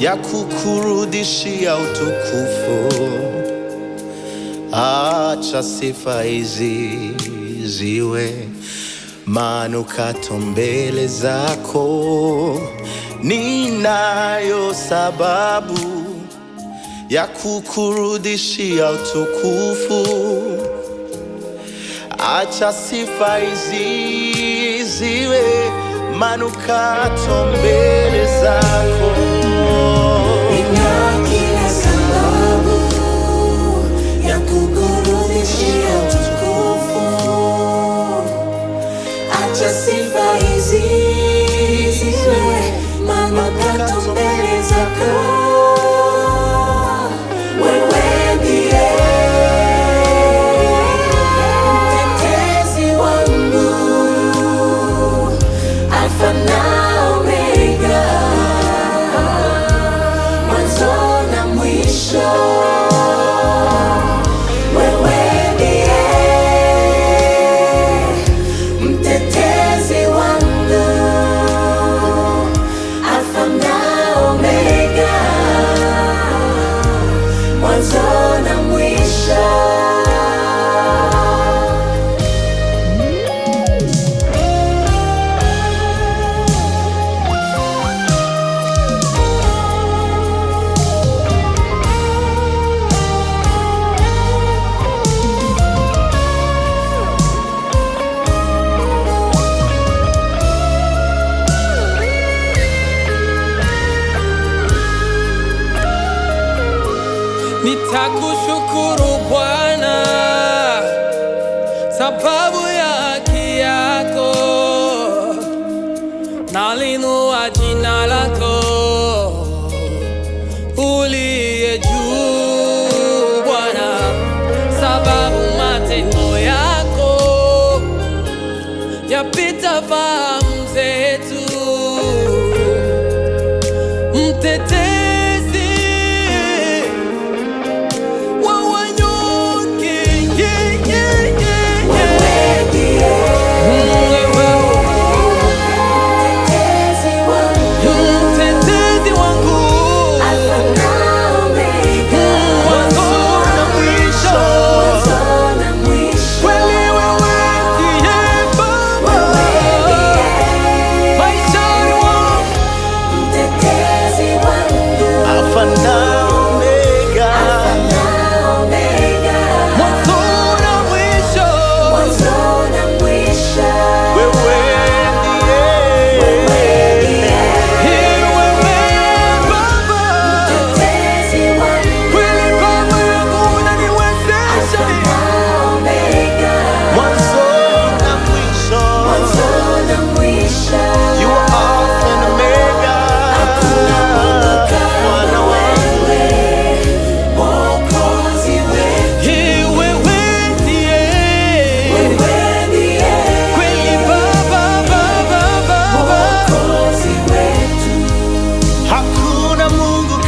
ya kukurudishia utukufu. Acha sifa hizi ziwe manukato mbele zako. Ninayo sababu ya kukurudishia utukufu. Acha sifa hizi ziwe manukato mbele zako. toda tu beleza cruz. Shukuru Bwana sababu ya haki yako, nalinua jina lako uliye juu Bwana, sababu matendo yako yapita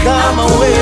come away.